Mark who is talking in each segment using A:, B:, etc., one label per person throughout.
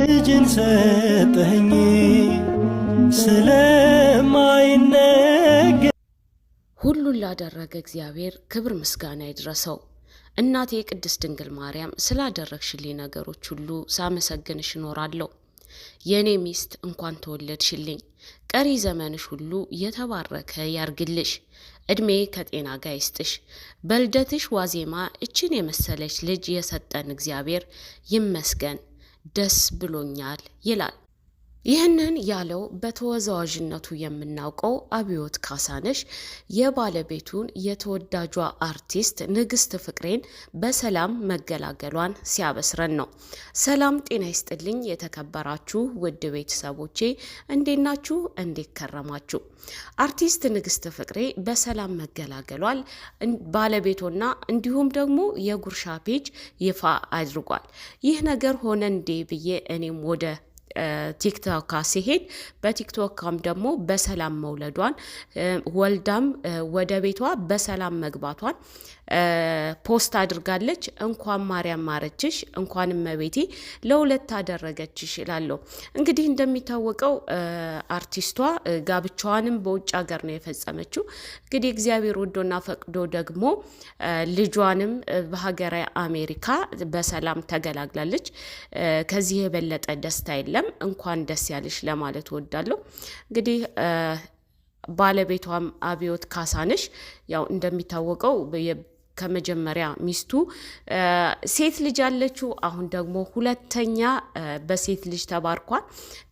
A: ልጅን ሰጠኝ ስለማይነገ
B: ሁሉን ላደረገ እግዚአብሔር ክብር ምስጋና ይድረሰው። እናቴ ቅድስት ድንግል ማርያም ስላደረግሽልኝ ነገሮች ሁሉ ሳመሰግንሽ እኖራለሁ። የእኔ ሚስት እንኳን ተወለድሽልኝ። ቀሪ ዘመንሽ ሁሉ የተባረከ ያርግልሽ። ዕድሜ ከጤና ጋር ይስጥሽ። በልደትሽ ዋዜማ እችን የመሰለች ልጅ የሰጠን እግዚአብሔር ይመስገን። ደስ ብሎኛል ይላል። ይህንን ያለው በተወዛዋዥነቱ የምናውቀው አብዮት ካሳነሽ የባለቤቱን የተወዳጇ አርቲስት ንግስት ፍቅሬን በሰላም መገላገሏን ሲያበስረን ነው። ሰላም ጤና ይስጥልኝ። የተከበራችሁ ውድ ቤተሰቦቼ እንዴት ናችሁ? እንዴት ከረማችሁ? አርቲስት ንግስት ፍቅሬ በሰላም መገላገሏል ባለቤቶና እንዲሁም ደግሞ የጉርሻ ፔጅ ይፋ አድርጓል። ይህ ነገር ሆነ እንዴ ብዬ እኔም ወደ ቲክቶካ ሲሄድ በቲክቶካም ደግሞ በሰላም መውለዷን ወልዳም ወደ ቤቷ በሰላም መግባቷን ፖስት አድርጋለች። እንኳን ማርያም ማረችሽ፣ እንኳን መቤቴ ለሁለት አደረገችሽ ይላለሁ እንግዲህ እንደሚታወቀው አርቲስቷ ጋብቻዋንም በውጭ ሀገር ነው የፈጸመችው። እንግዲህ እግዚአብሔር ወዶና ፈቅዶ ደግሞ ልጇንም በሀገራዊ አሜሪካ በሰላም ተገላግላለች። ከዚህ የበለጠ ደስታ የለም። በመጠቀም እንኳን ደስ ያለሽ ለማለት እወዳለሁ። እንግዲህ ባለቤቷም አብዮት ካሳንሽ ያው እንደሚታወቀው ከመጀመሪያ ሚስቱ ሴት ልጅ አለችው። አሁን ደግሞ ሁለተኛ በሴት ልጅ ተባርኳል።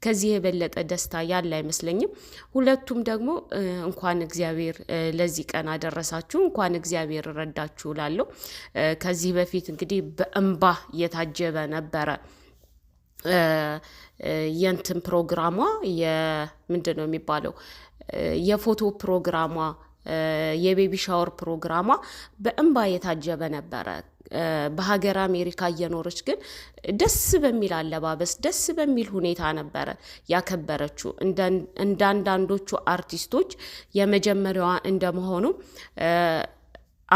B: ከዚህ የበለጠ ደስታ ያለ አይመስለኝም። ሁለቱም ደግሞ እንኳን እግዚአብሔር ለዚህ ቀን አደረሳችሁ፣ እንኳን እግዚአብሔር ረዳችሁ እላለሁ። ከዚህ በፊት እንግዲህ በእንባ የታጀበ ነበረ የእንትን ፕሮግራሟ የምንድን ነው የሚባለው የፎቶ ፕሮግራሟ የቤቢ ሻወር ፕሮግራሟ በእንባ የታጀበ ነበረ። በሀገር አሜሪካ እየኖረች ግን ደስ በሚል አለባበስ ደስ በሚል ሁኔታ ነበረ ያከበረችው። እንደ አንዳንዶቹ አርቲስቶች የመጀመሪያዋ እንደመሆኑ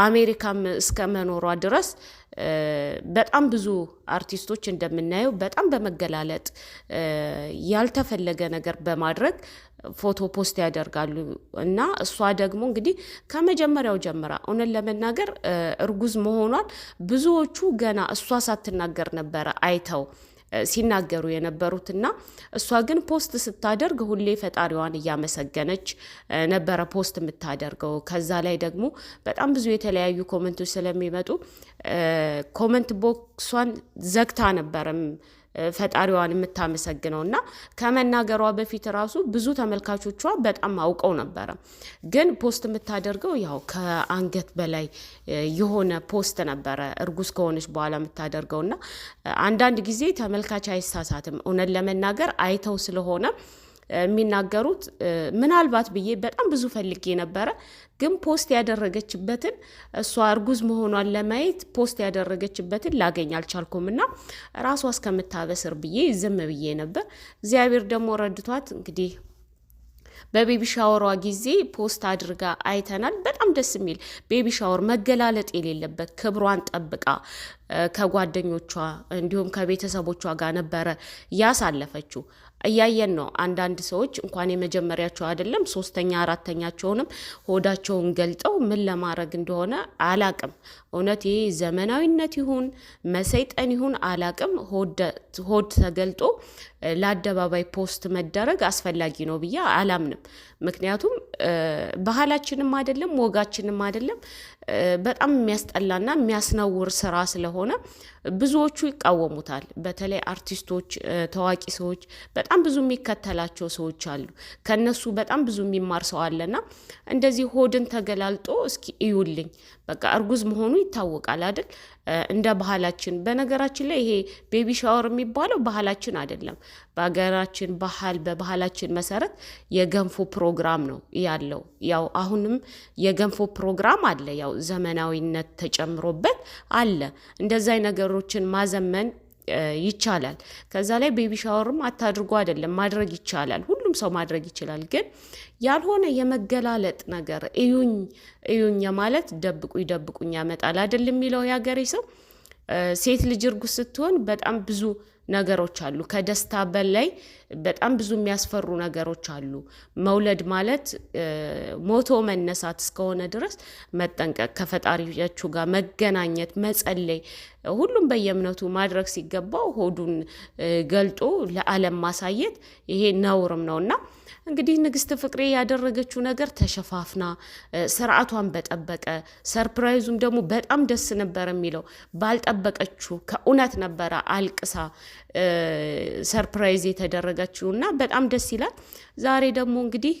B: አሜሪካም እስከ መኖሯ ድረስ በጣም ብዙ አርቲስቶች እንደምናየው በጣም በመገላለጥ ያልተፈለገ ነገር በማድረግ ፎቶ ፖስት ያደርጋሉ እና እሷ ደግሞ እንግዲህ ከመጀመሪያው ጀምራ እውነት ለመናገር እርጉዝ መሆኗን ብዙዎቹ ገና እሷ ሳትናገር ነበረ አይተው ሲናገሩ የነበሩትና እሷ ግን ፖስት ስታደርግ ሁሌ ፈጣሪዋን እያመሰገነች ነበረ ፖስት የምታደርገው። ከዛ ላይ ደግሞ በጣም ብዙ የተለያዩ ኮመንቶች ስለሚመጡ ኮመንት ቦክሷን ዘግታ ነበረም ፈጣሪዋን የምታመሰግነው እና ከመናገሯ በፊት ራሱ ብዙ ተመልካቾቿ በጣም አውቀው ነበረ። ግን ፖስት የምታደርገው ያው ከአንገት በላይ የሆነ ፖስት ነበረ እርጉዝ ከሆነች በኋላ የምታደርገው እና አንዳንድ ጊዜ ተመልካች አይሳሳትም እውነት ለመናገር አይተው ስለሆነ የሚናገሩት ምናልባት ብዬ በጣም ብዙ ፈልጌ ነበረ። ግን ፖስት ያደረገችበትን እሷ እርጉዝ መሆኗን ለማየት ፖስት ያደረገችበትን ላገኝ አልቻልኩም እና ራሷ እስከምታበስር ብዬ ዝም ብዬ ነበር። እግዚአብሔር ደግሞ ረድቷት እንግዲህ በቤቢ ሻወሯ ጊዜ ፖስት አድርጋ አይተናል። በጣም ደስ የሚል ቤቢ ሻወር መገላለጥ የሌለበት ክብሯን ጠብቃ ከጓደኞቿ እንዲሁም ከቤተሰቦቿ ጋር ነበረ ያሳለፈችው። እያየን ነው። አንዳንድ ሰዎች እንኳን የመጀመሪያቸው አይደለም ሶስተኛ አራተኛቸውንም ሆዳቸውን ገልጠው ምን ለማድረግ እንደሆነ አላቅም። እውነት ይህ ዘመናዊነት ይሁን መሰይጠን ይሁን አላቅም። ሆድ ተገልጦ ለአደባባይ ፖስት መደረግ አስፈላጊ ነው ብዬ አላምንም። ምክንያቱም ባህላችንም አይደለም ወጋችንም አይደለም። በጣም የሚያስጠላና የሚያስነውር ስራ ስለሆነ ብዙዎቹ ይቃወሙታል። በተለይ አርቲስቶች፣ ታዋቂ ሰዎች በጣም ብዙ የሚከተላቸው ሰዎች አሉ። ከነሱ በጣም ብዙ የሚማር ሰው አለና እንደዚህ ሆድን ተገላልጦ እስኪ እዩልኝ። በቃ እርጉዝ መሆኑ ይታወቃል አይደል? እንደ ባህላችን። በነገራችን ላይ ይሄ ቤቢ ሻወር የሚባለው ባህላችን አይደለም። በሀገራችን ባህል በባህላችን መሰረት የገንፎ ፕሮግራም ነው ያለው። ያው አሁንም የገንፎ ፕሮግራም አለ፣ ያው ዘመናዊነት ተጨምሮበት አለ። እንደዛ ነገሮችን ማዘመን ይቻላል። ከዛ ላይ ቤቢ ሻወርም አታድርጎ አይደለም ማድረግ ይቻላል። ሁሉም ሰው ማድረግ ይችላል። ግን ያልሆነ የመገላለጥ ነገር እዩኝ እዩኝ ማለት ደብቁ ይደብቁኝ ያመጣል አይደል የሚለው የሀገሬ ሰው። ሴት ልጅ እርጉዝ ስትሆን በጣም ብዙ ነገሮች አሉ። ከደስታ በላይ በጣም ብዙ የሚያስፈሩ ነገሮች አሉ። መውለድ ማለት ሞቶ መነሳት እስከሆነ ድረስ መጠንቀቅ፣ ከፈጣሪያችሁ ጋር መገናኘት፣ መጸለይ፣ ሁሉም በየእምነቱ ማድረግ ሲገባው ሆዱን ገልጦ ለዓለም ማሳየት ይሄ ነውርም ነውና እንግዲህ ንግስት ፍቅሬ ያደረገችው ነገር ተሸፋፍና ስርዓቷን በጠበቀ ሰርፕራይዙም ደግሞ በጣም ደስ ነበር የሚለው ባልጠበቀችው ከእውነት ነበረ አልቅሳ ሰርፕራይዝ የተደረገችው እና በጣም ደስ ይላል። ዛሬ ደግሞ እንግዲህ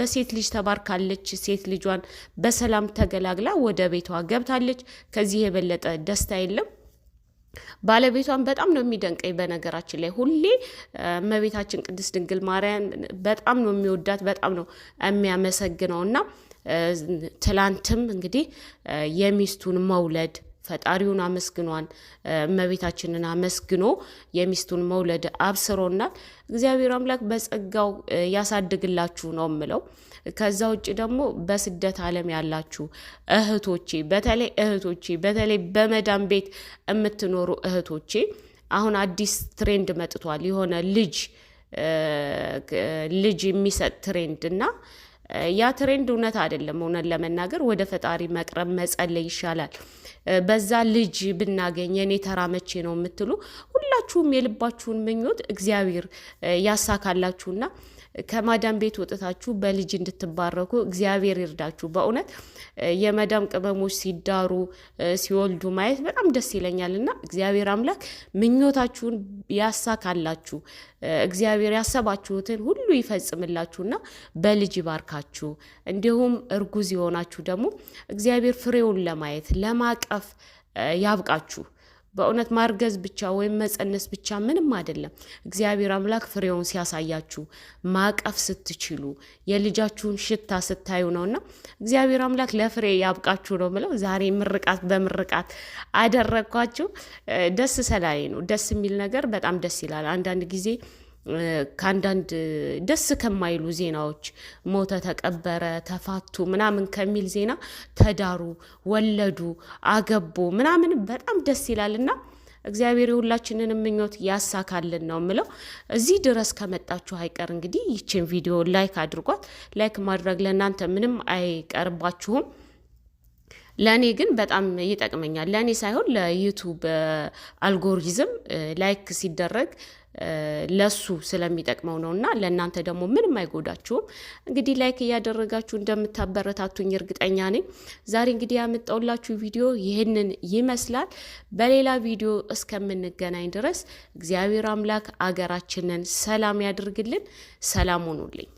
B: በሴት ልጅ ተባርካለች። ሴት ልጇን በሰላም ተገላግላ ወደ ቤቷ ገብታለች። ከዚህ የበለጠ ደስታ የለም። ባለቤቷን በጣም ነው የሚደንቀኝ። በነገራችን ላይ ሁሌ እመቤታችን ቅድስት ድንግል ማርያም በጣም ነው የሚወዳት፣ በጣም ነው የሚያመሰግነው እና ትላንትም እንግዲህ የሚስቱን መውለድ ፈጣሪውን አመስግኗን እመቤታችንን አመስግኖ የሚስቱን መውለድ አብስሮናል። እግዚአብሔር አምላክ በጸጋው ያሳድግላችሁ ነው የምለው። ከዛ ውጭ ደግሞ በስደት ዓለም ያላችሁ እህቶቼ በተለይ እህቶቼ በተለይ በመዳን ቤት የምትኖሩ እህቶቼ አሁን አዲስ ትሬንድ መጥቷል። የሆነ ልጅ ልጅ የሚሰጥ ትሬንድ እና ያ ትሬንድ እውነት አይደለም። እውነት ለመናገር ወደ ፈጣሪ መቅረብ መጸለይ ይሻላል። በዛ ልጅ ብናገኝ የኔ ተራ መቼ ነው የምትሉ ሁላችሁም የልባችሁን ምኞት እግዚአብሔር ያሳካላችሁና ከማዳም ቤት ወጥታችሁ በልጅ እንድትባረኩ እግዚአብሔር ይርዳችሁ። በእውነት የመዳም ቅመሞች ሲዳሩ ሲወልዱ ማየት በጣም ደስ ይለኛል እና እግዚአብሔር አምላክ ምኞታችሁን ያሳካላችሁ። እግዚአብሔር ያሰባችሁትን ሁሉ ይፈጽምላችሁና በልጅ ይባርካችሁ። እንዲሁም እርጉዝ የሆናችሁ ደግሞ እግዚአብሔር ፍሬውን ለማየት ለማቀፍ ያብቃችሁ። በእውነት ማርገዝ ብቻ ወይም መጸነስ ብቻ ምንም አይደለም። እግዚአብሔር አምላክ ፍሬውን ሲያሳያችሁ ማቀፍ ስትችሉ የልጃችሁን ሽታ ስታዩ ነውና እግዚአብሔር አምላክ ለፍሬ ያብቃችሁ ነው ብለው ዛሬ ምርቃት በምርቃት አደረግኳችሁ። ደስ ሰላይ ነው። ደስ የሚል ነገር በጣም ደስ ይላል። አንዳንድ ጊዜ ከአንዳንድ ደስ ከማይሉ ዜናዎች ሞተ፣ ተቀበረ፣ ተፋቱ ምናምን ከሚል ዜና ተዳሩ፣ ወለዱ፣ አገቡ ምናምን በጣም ደስ ይላል እና እግዚአብሔር የሁላችንን ምኞት ያሳካልን ነው ምለው እዚህ ድረስ ከመጣችሁ አይቀር እንግዲህ ይችን ቪዲዮ ላይክ አድርጓት። ላይክ ማድረግ ለእናንተ ምንም አይቀርባችሁም። ለእኔ ግን በጣም ይጠቅመኛል። ለእኔ ሳይሆን ለዩቱብ አልጎሪዝም ላይክ ሲደረግ ለሱ ስለሚጠቅመው ነው እና ለእናንተ ደግሞ ምንም አይጎዳችሁም። እንግዲህ ላይክ እያደረጋችሁ እንደምታበረታቱኝ እርግጠኛ ነኝ። ዛሬ እንግዲህ ያመጣውላችሁ ቪዲዮ ይህንን ይመስላል። በሌላ ቪዲዮ እስከምንገናኝ ድረስ እግዚአብሔር አምላክ አገራችንን ሰላም ያድርግልን። ሰላም ሆኑልኝ።